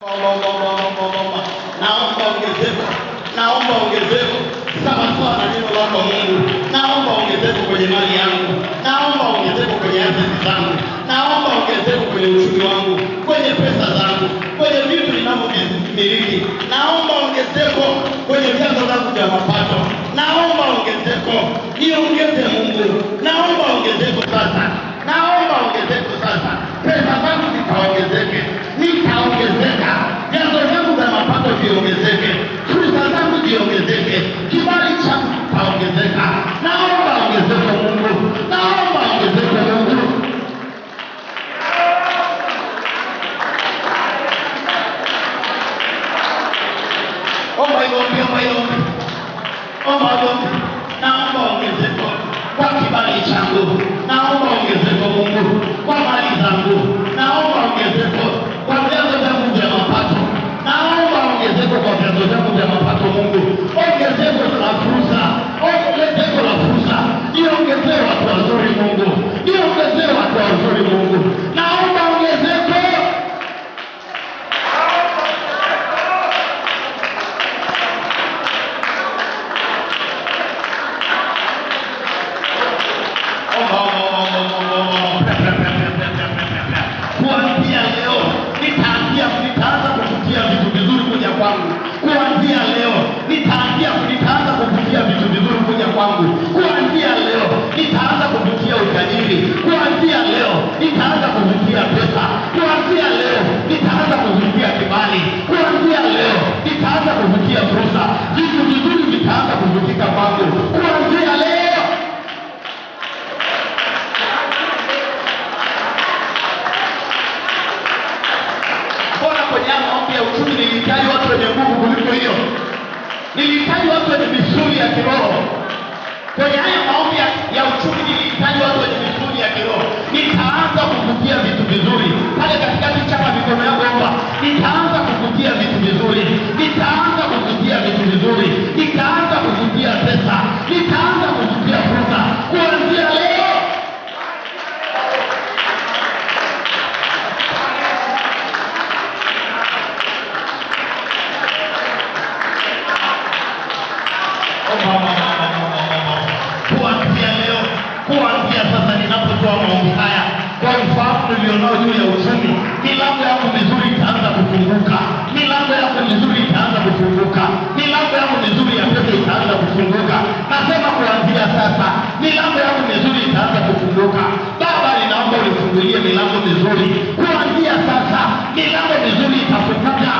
Naomba ongezeko, naomba ongezeko sawa sawa na neno lako Mungu. Naomba ongezeko kwenye mali yangu, naomba ongezeko kwenye asasi zangu, naomba ongezeko kwenye uchumi wangu. tulionao juu ya uchumi, milango yako mizuri itaanza kufunguka, milango yako mizuri itaanza kufunguka, milango yako mizuri ya pesa itaanza kufunguka. Nasema kuanzia sasa, milango yako mizuri itaanza kufunguka. Baba, ninaomba unifungulie milango mizuri kuanzia sasa, milango mizuri itafunguka.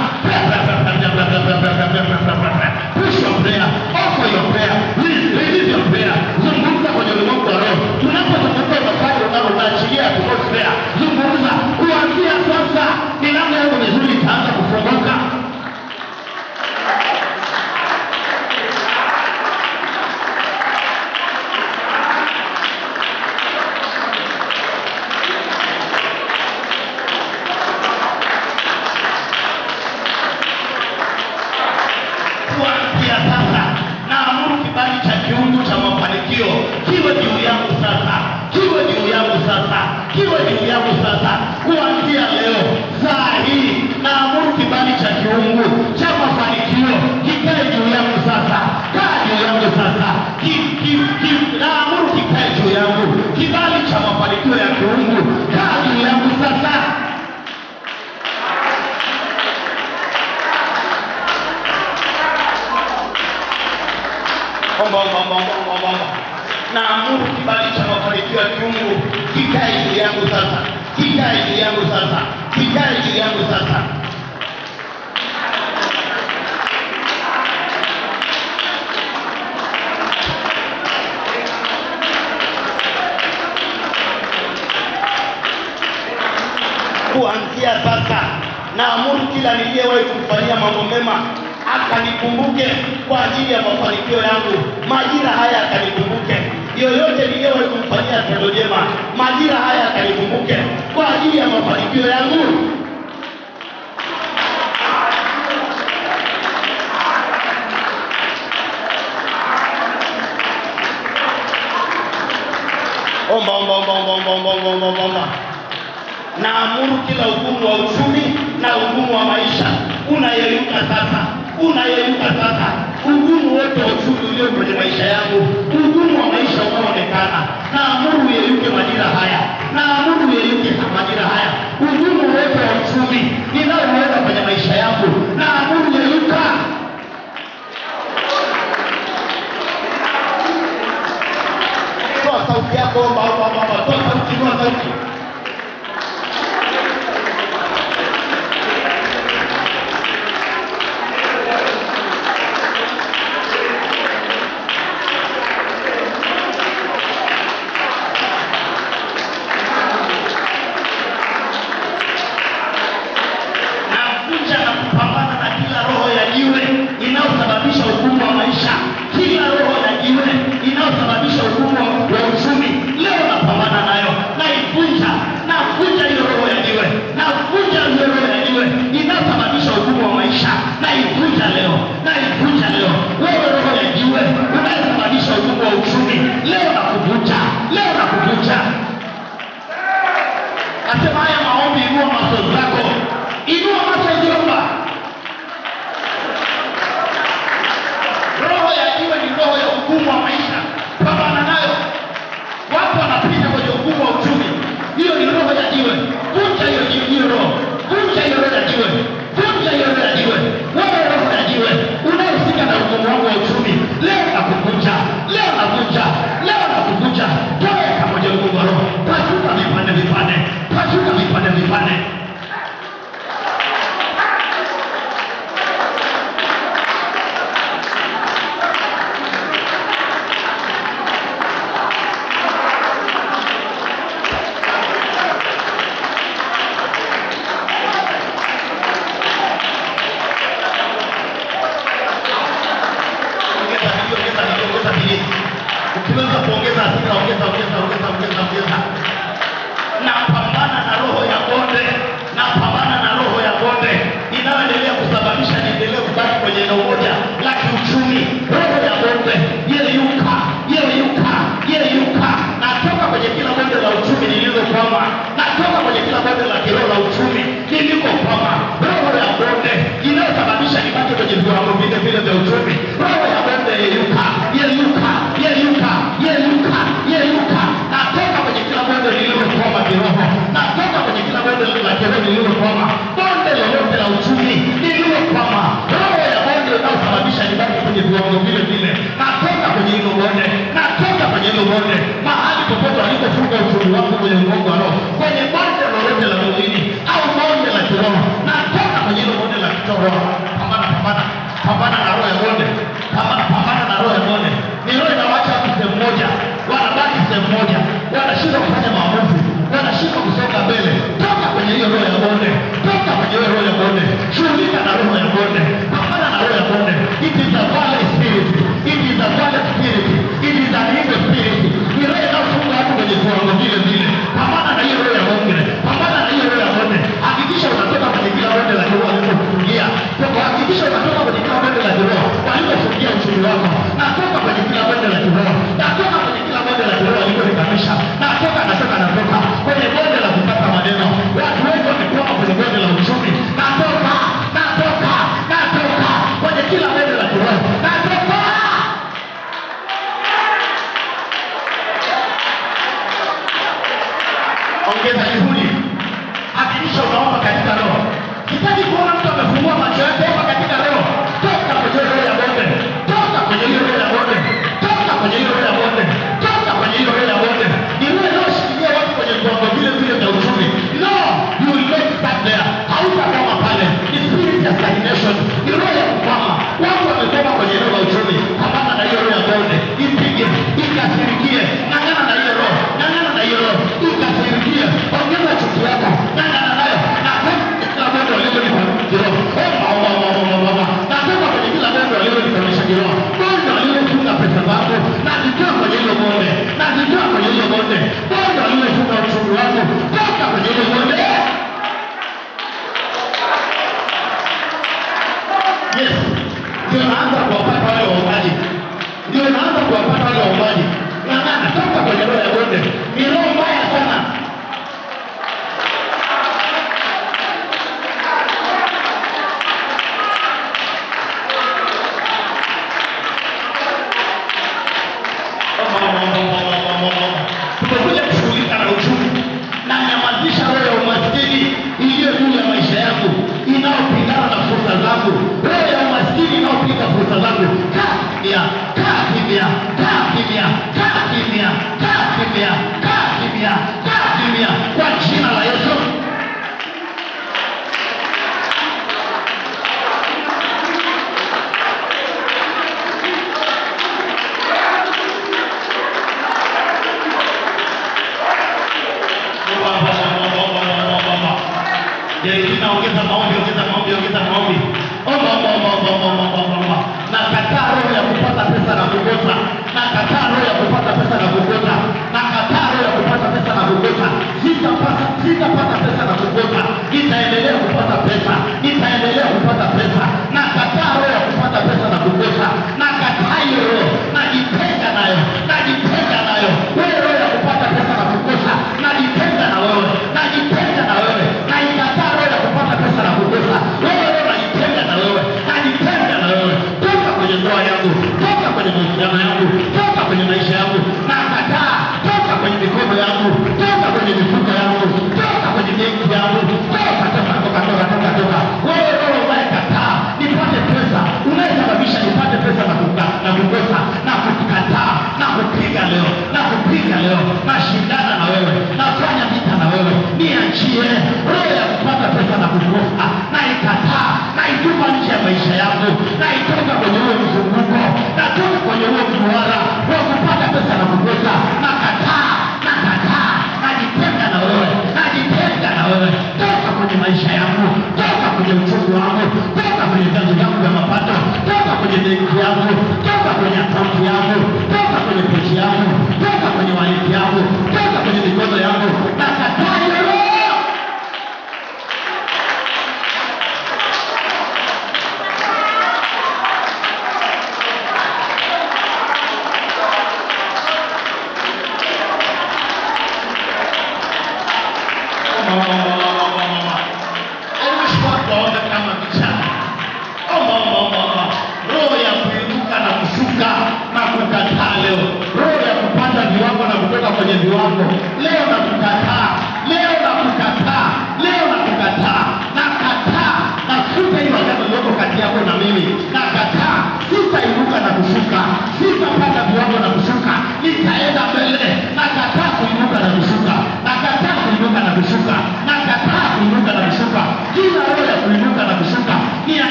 We are kuanzia sasa. Naamuru kila niliyewahi kumfanyia mambo mema akanikumbuke kwa ajili ya mafanikio yangu, majira haya akanikumbuke. Yoyote niliyewahi kumfanyia tendo jema, majira haya akanikumbuke kwa ajili ya mafanikio yangu. Omba, omba, omba, omba, omba, omba, omba, omba naamuru kila ugumu wa uchumi na ugumu wa maisha unayeyuka sasa, unayeyuka sasa. Ugumu wote wa uchumi ulio kwenye maisha yangu, ugumu wa maisha na naamuru uyeyuke majira haya, naamuru uyeyuke majira haya. Ugumu wote wa uchumi ninaoweza kwenye maisha yangu, naamuru uyeyuka. yako, omba, omba, omba, toa sauti, toa sauti. ukiweza kuongeza hasira ongeza ongeza ongeza ongeza ongeza na na roho ya bonde na na roho ya bonde inayoendelea kusababisha niendelee kubaki kwenye eneo moja la kiuchumi roho ya bonde yeyuka yeyuka yeyuka natoka kwenye kila bonde la uchumi nililokwama natoka kwenye kila bonde la kiroho la uchumi nilikokwama roho ya bonde inayosababisha nibaki kwenye viwango vile vile vya uchumi gbogbo ẹ̀ ń gbọ́ Gracias.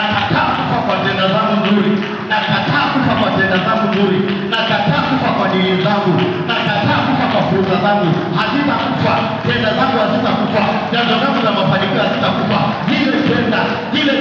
nakataa kufa kwa tenda zangu nzuri, nakataa kufa kwa tenda zangu nzuri, nakataa kufa kwa dili zangu, nakataa kufa kwa fursa zangu. Hazitakufa tenda zangu, hazitakufa ndoto zangu za mafanikio, hazitakufa. Zile tenda zile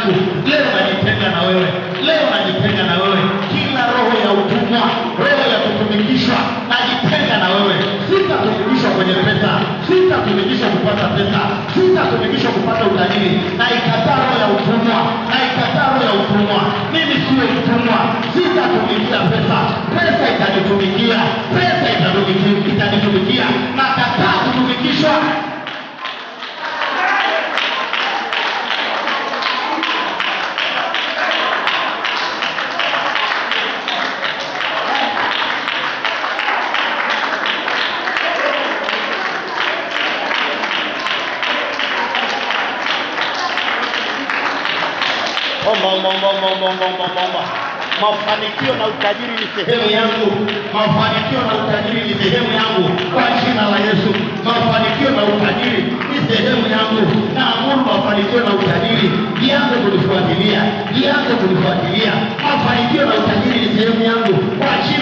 yangu, leo najitenga na wewe, leo najitenga na wewe. Kila roho ya utumwa, roho ya kutumikishwa, najitenga na wewe. Sitatumikishwa kwenye pesa, sitatumikishwa kupata pesa, sitatumikishwa kupata utajiri. na ikataro ya utumwa, na ikataro ya utumwa. Mimi siwe mtumwa, sitatumikia pesa, pesa itanitumikia, pesa itanitumikia, nakataa kutumikishwa Omba, omba, omba, omba, omba, omba, omba, omba. Mafanikio na utajiri ni sehemu yangu. Mafanikio na utajiri ni sehemu yangu kwa jina la Yesu. Mafanikio na utajiri ni sehemu yangu. na Naamuru mafanikio na utajiri ianze kunifuatilia, ianze kunifuatilia. Mafanikio na utajiri ni sehemu yangu kwa jina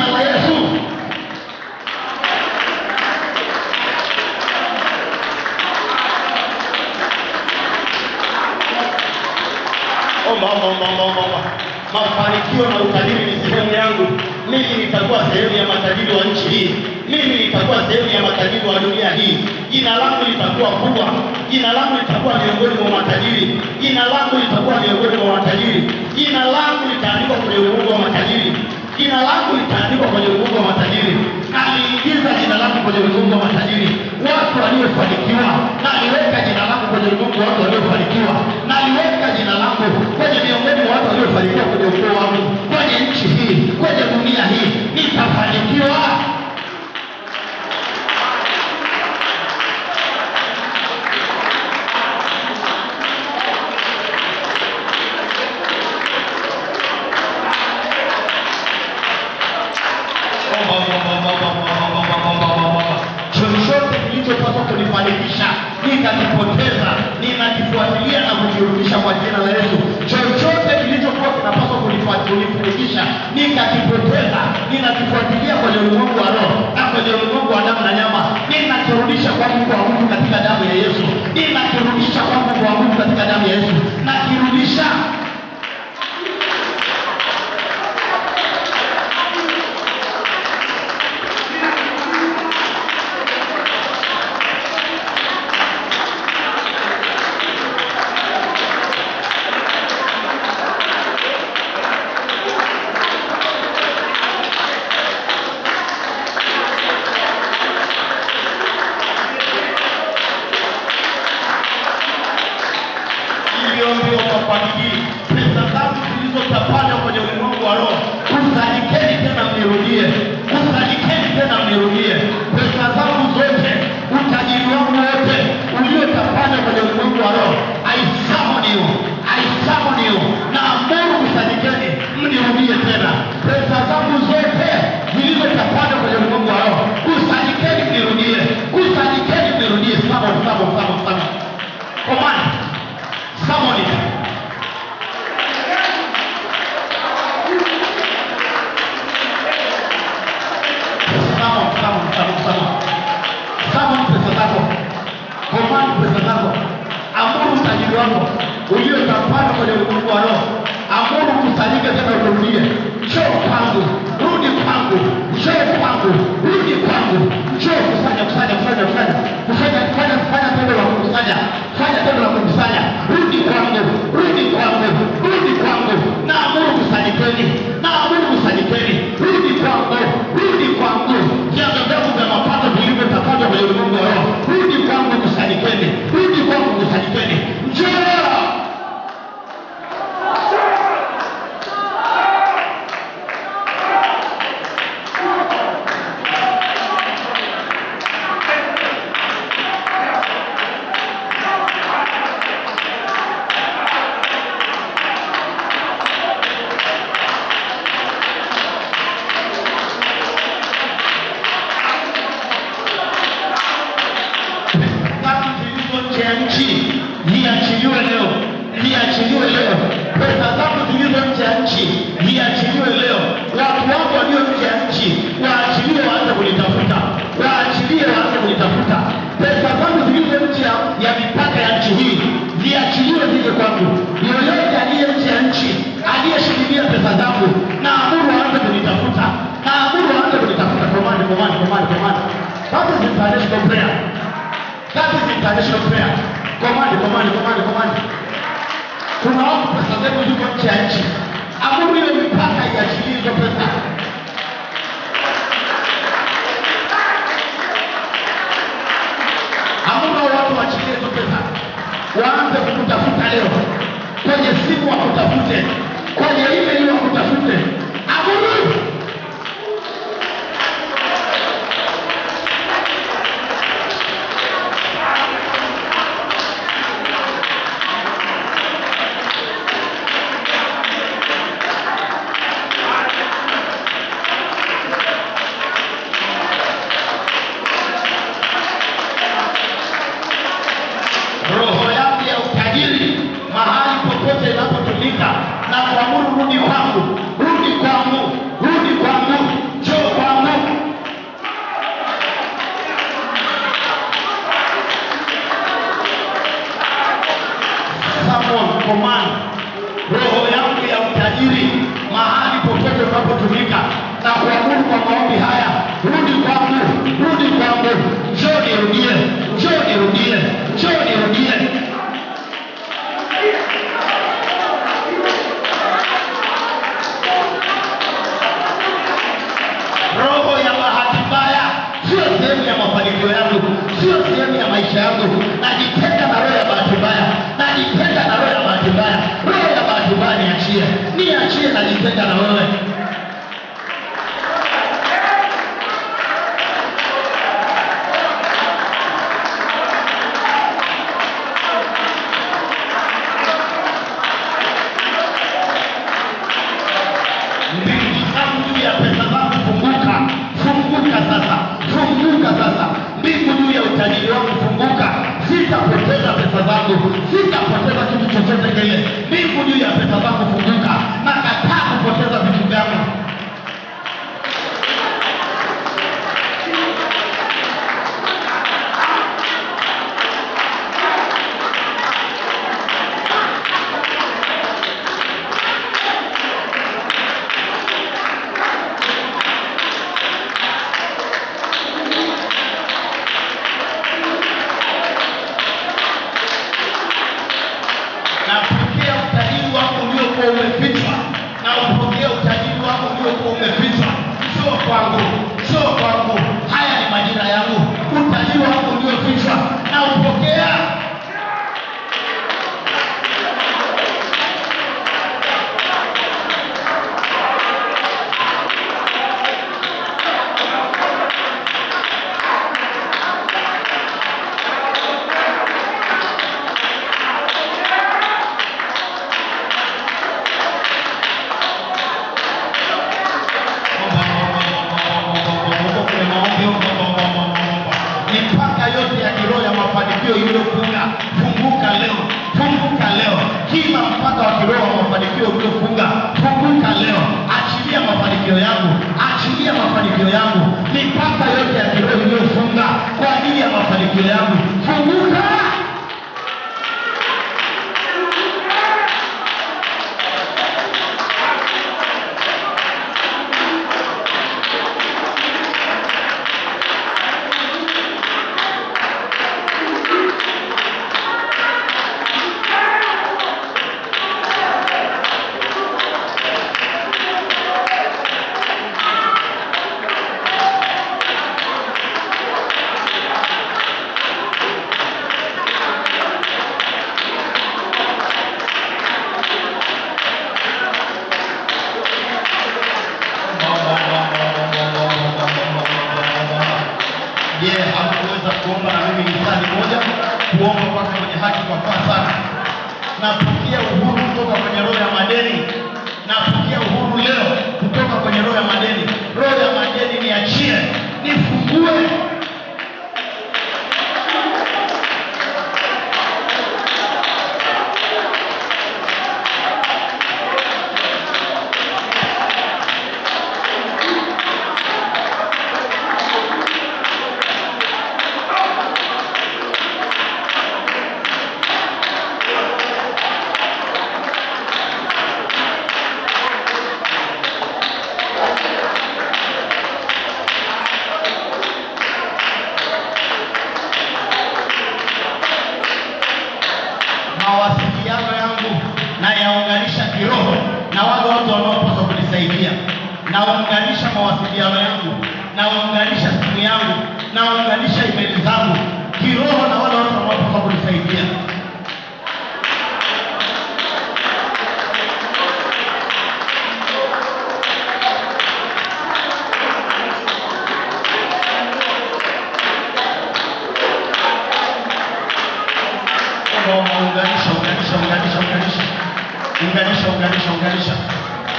mafanikio na utajiri ni sehemu yangu. Mimi nitakuwa sehemu ya matajiri wa nchi hii, mimi nitakuwa sehemu ya matajiri wa dunia hii. Jina langu litakuwa kubwa, jina langu litakuwa miongoni mwa matajiri, jina langu litakuwa miongoni mwa matajiri, jina langu litaandikwa kwenye ulimwengu wa matajiri, jina langu litaandikwa kwenye ulimwengu wa matajiri. Aliingiza jina langu kwenye ulimwengu wa matajiri, watu waliofanikiwa, na aliweka jina langu kwenye wa watu walio will fill tunaomba pesa zetu ziko nje ya nchi, amuru ile mipaka iachili hizo pesa. Amuru watu waachilie hizo pesa, waanze kukutafuta leo, kwenye simu wakutafute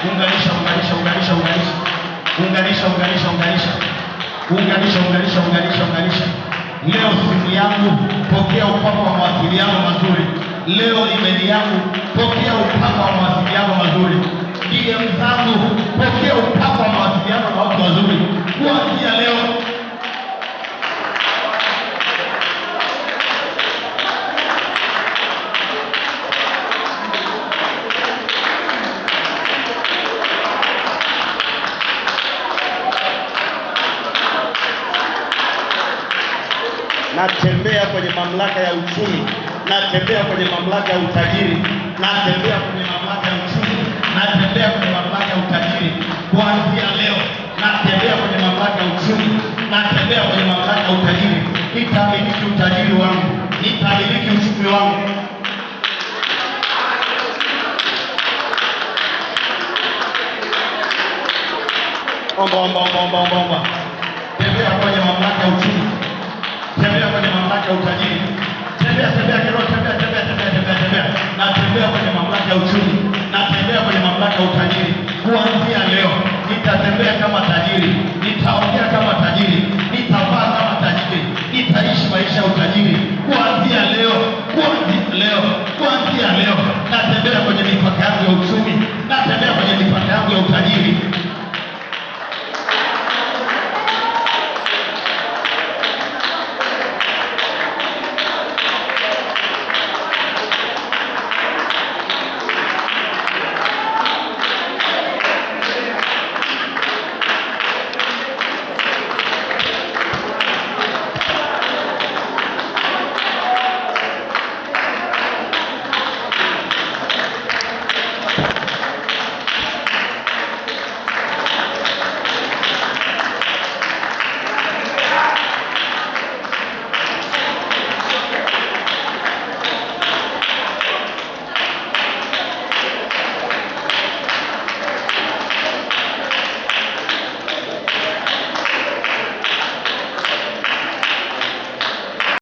unganisha unganisha unganisha unganisha unganisha unganisha unganisha unganisha unganisha unganisha unganisha. Leo simu yangu pokea upako wa mawasiliano mazuri. Leo imeli yangu pokea upako wa mawasiliano mazuri. DM zangu pokea upako wa mawasiliano na watu wazuri kuanzia natembea kwenye mamlaka ya uchumi, natembea kwenye mamlaka ya utajiri, natembea kwenye mamlaka ya uchumi, natembea kwenye mamlaka ya utajiri. Kuanzia leo natembea kwenye mamlaka ya uchumi, natembea kwenye mamlaka ya utajiri. Nitamiliki utajiri wangu, nitamiliki uchumi wangu. Omba, omba, omba, omba, omba. Tembea kwenye mamlaka ya uchumi tembea kwenye mamlaka ya utajiri, tembea tembea kiroho, tembea tembea tembea tembea tembea, na tembea kwenye mamlaka ya uchumi, na tembea kwenye mamlaka ya utajiri. Kuanzia leo nitatembea kama tajiri, nitaongea kama tajiri, nitavaa kama tajiri, nitaishi maisha ya utajiri. Kuanzia leo, kuanzia leo, kuanzia leo natembea kwenye mipaka yangu ya uchumi, natembea kwenye mipaka